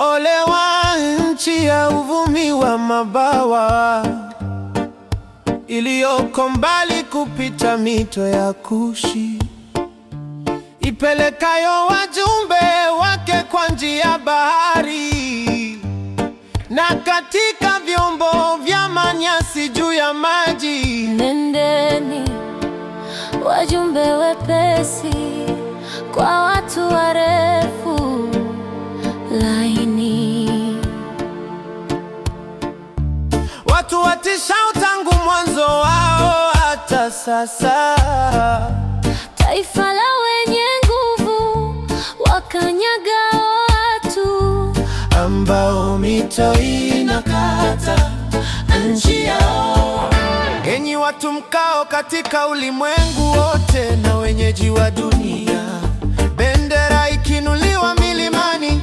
Ole wa nchi ya uvumi wa mabawa iliyoko mbali kupita mito ya Kushi, ipelekayo wajumbe wake kwa njia ya bahari na katika vyombo vya manyasi juu ya maji. Nendeni wajumbe wepesi kwa watu ware watu watishao tangu mwanzo wao hata sasa, taifa la wenye nguvu wakanyaga watu ambao mito inakata nchi yao. Enyi watu mkao katika ulimwengu wote na wenyeji wa dunia, bendera ikinuliwa milimani,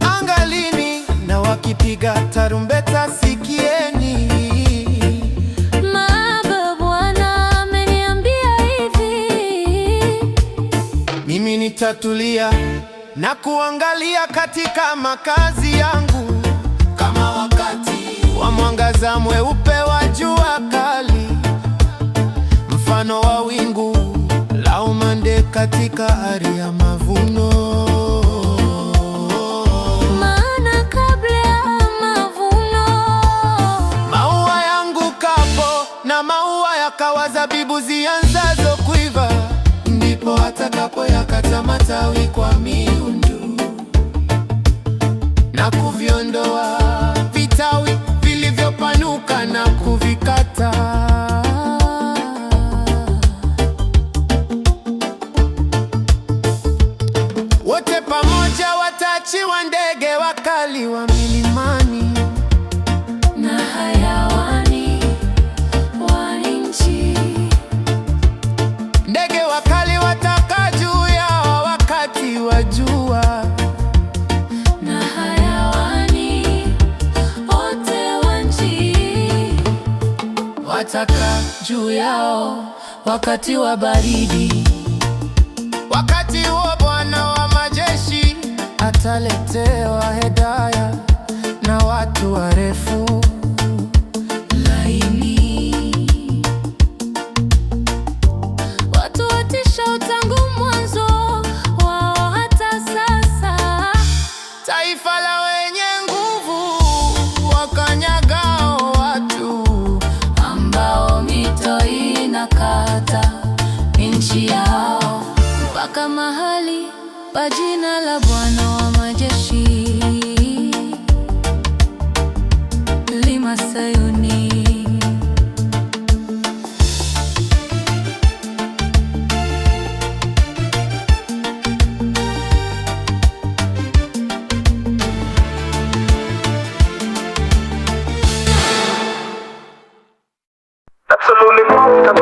angalini na wakipiga tarumbeta nitatulia na kuangalia katika makazi yangu, kama wakati wa mwangaza mweupe wa jua kali, mfano wa wingu la umande katika ari ya mavuno. sal e com a minha taka juu yao wakati wa baridi. Wakati huo Bwana wa majeshi ataletewa hedaya na watu warefu katika mahali pa jina la Bwana wa majeshi. Mlima Sayuni, Absolutely.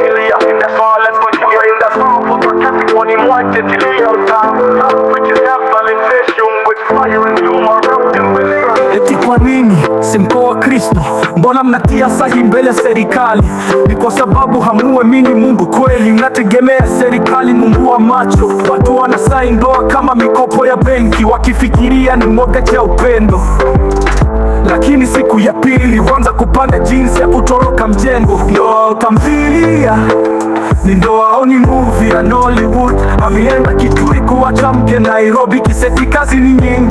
mko wa Kristo, mbona mnatia sahi mbele serikali? Ni kwa sababu hamuamini Mungu kweli, mnategemea serikali. wa macho, watu wanasahi ndoa kama mikopo ya benki, wakifikiria ni mwoga cha upendo lakini siku ya pili huanza kupanda jinsi ya kutoroka mjengo. Ndoa au Ni ndoa au ni movie ya Nollywood? Ameenda Kitui kuwacha mke Nairobi, kiseti kazi ni nyingi.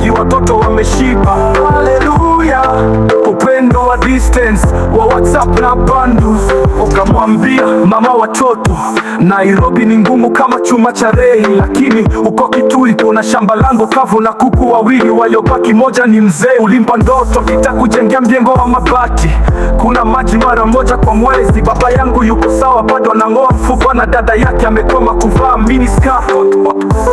Nawaambia mama watoto, Nairobi ni ngumu kama chuma cha rei, lakini uko Kitui kuna shamba langu kavu na kuku wawili waliobaki, moja ni mzee ulimpa ndoto nitakujengea mjengo wa mabati, kuna maji mara moja kwa mwezi. Baba yangu yuko sawa bado anang'oa mfupa na dada yake amekoma kuvaa miniskirt.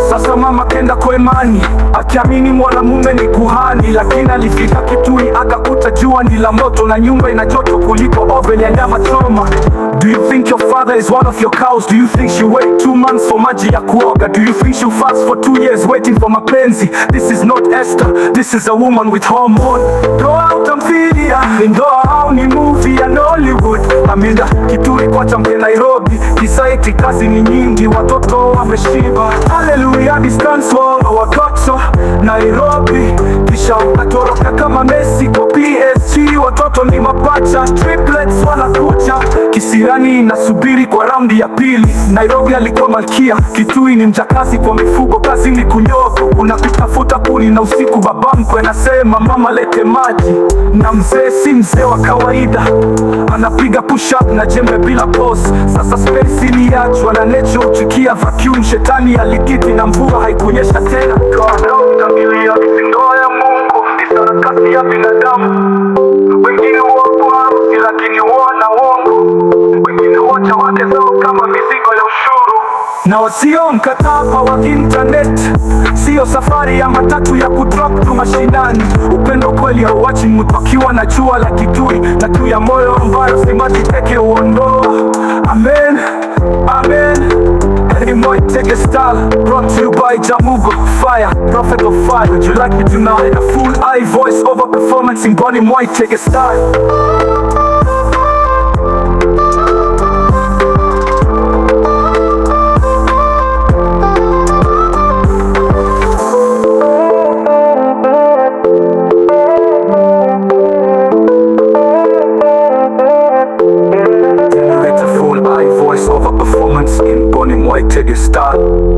Sasa mama kenda kwa imani, akiamini mwanamume ni kuhani, lakini alifika Kitui akakuta jua ni la moto na nyumba ina joto kuliko oven ya nyama choma. Do you think your father is one of your cows? Do you think she wait two months for maji ya kuoga? Do you think she'll fast for two years waiting for mapenzi? This is not Esther, this is a woman with hormone. Ndoa utamfilia ni ndoa au ni movie ya Nollywood? Amida kituri kwa chamke Nairobi, kisaiti kazi ni nyingi, watoto wameshiba. Haleluya distance wao wakoto Nairobi, kisha atoroka kama Messi kwa PSG. Watoto ni mapacha, triplets wanakucha Kisirani nasubiri kwa raundi ya pili. Nairobi alikuwa malkia, Kitui ni mjakazi kwa mifugo, kazi ni kunyoka, unakutafuta kuni na usiku. Babamkwe anasema mama lete maji, na mzee si mzee wa kawaida, anapiga push up na jembe bila pose. Sasa space iliachwa na nature, uchikia vacuum, shetani alikiti na mvua haikunyesha tena. sio mkataba wa internet, sio safari ya matatu ya kudrop tu mashindani. Upendo kweli hauachi mtu akiwa na jua la kitui, tatu ya moyo ambayo simati teke huondoa. Amen, amen. Moi Teke Style brought to you by Jamugo Fire, Prophet of Fire. Would you like me tonight? A full eye voice over performance in Bonnie Moi Teke Style. till you stop.